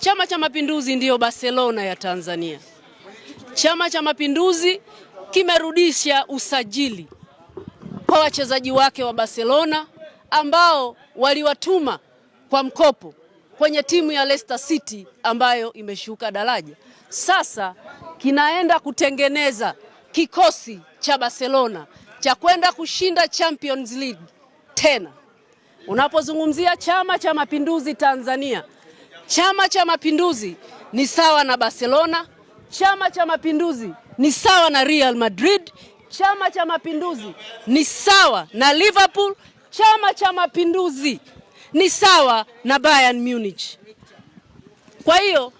Chama cha Mapinduzi ndiyo Barcelona ya Tanzania. Chama cha Mapinduzi kimerudisha usajili kwa wachezaji wake wa Barcelona ambao waliwatuma kwa mkopo kwenye timu ya Leicester City ambayo imeshuka daraja. Sasa kinaenda kutengeneza kikosi cha Barcelona cha kwenda kushinda Champions League tena. Unapozungumzia Chama cha Mapinduzi Tanzania Chama cha Mapinduzi ni sawa na Barcelona, Chama cha Mapinduzi ni sawa na Real Madrid, Chama cha Mapinduzi ni sawa na Liverpool, Chama cha Mapinduzi ni sawa na Bayern Munich. Kwa hiyo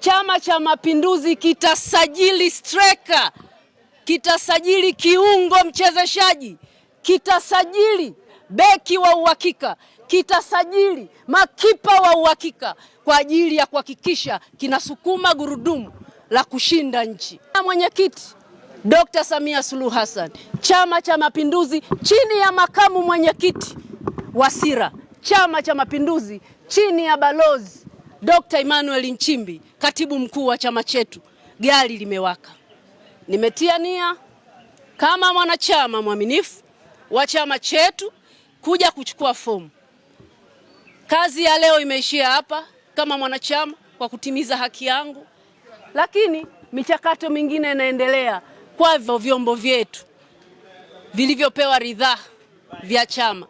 Chama cha Mapinduzi kitasajili striker, kitasajili kiungo mchezeshaji, kitasajili beki wa uhakika, kitasajili makipa wa uhakika kwa ajili ya kuhakikisha kinasukuma gurudumu la kushinda nchi. Mwenyekiti Dr. Samia Suluhu Hassan, Chama cha Mapinduzi chini ya makamu mwenyekiti Wasira, Chama cha Mapinduzi chini ya balozi Dr. Emmanuel Nchimbi, katibu mkuu wa chama chetu, gari limewaka. Nimetia nia kama mwanachama mwaminifu wa chama chetu kuja kuchukua fomu. Kazi ya leo imeishia hapa kama mwanachama kwa kutimiza haki yangu, lakini michakato mingine inaendelea kwavyo vyombo vyetu vilivyopewa ridhaa vya chama.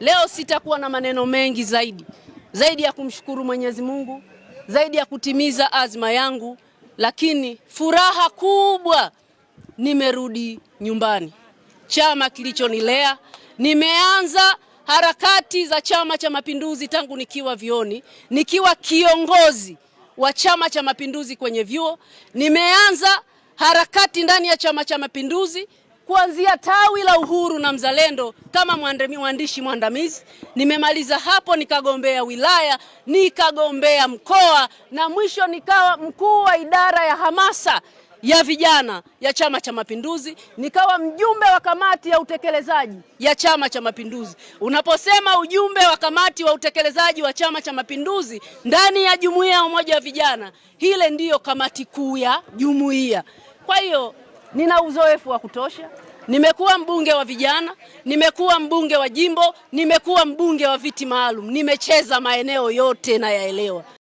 Leo sitakuwa na maneno mengi zaidi zaidi ya kumshukuru Mwenyezi Mungu, zaidi ya kutimiza azma yangu, lakini furaha kubwa nimerudi nyumbani chama kilichonilea. Nimeanza harakati za Chama cha Mapinduzi tangu nikiwa vioni, nikiwa kiongozi wa Chama cha Mapinduzi kwenye vyuo. Nimeanza harakati ndani ya Chama cha Mapinduzi kuanzia tawi la Uhuru na Mzalendo kama mwandishi mwandamizi. Nimemaliza hapo nikagombea wilaya, nikagombea mkoa na mwisho nikawa mkuu wa idara ya hamasa ya vijana ya Chama cha Mapinduzi, nikawa mjumbe wa kamati ya utekelezaji ya Chama cha Mapinduzi. Unaposema ujumbe wa kamati wa utekelezaji wa Chama cha Mapinduzi ndani ya jumuiya ya umoja wa vijana, hile ndiyo kamati kuu ya jumuiya. Kwa hiyo nina uzoefu wa kutosha. Nimekuwa mbunge wa vijana, nimekuwa mbunge wa jimbo, nimekuwa mbunge wa viti maalum, nimecheza maeneo yote nayaelewa.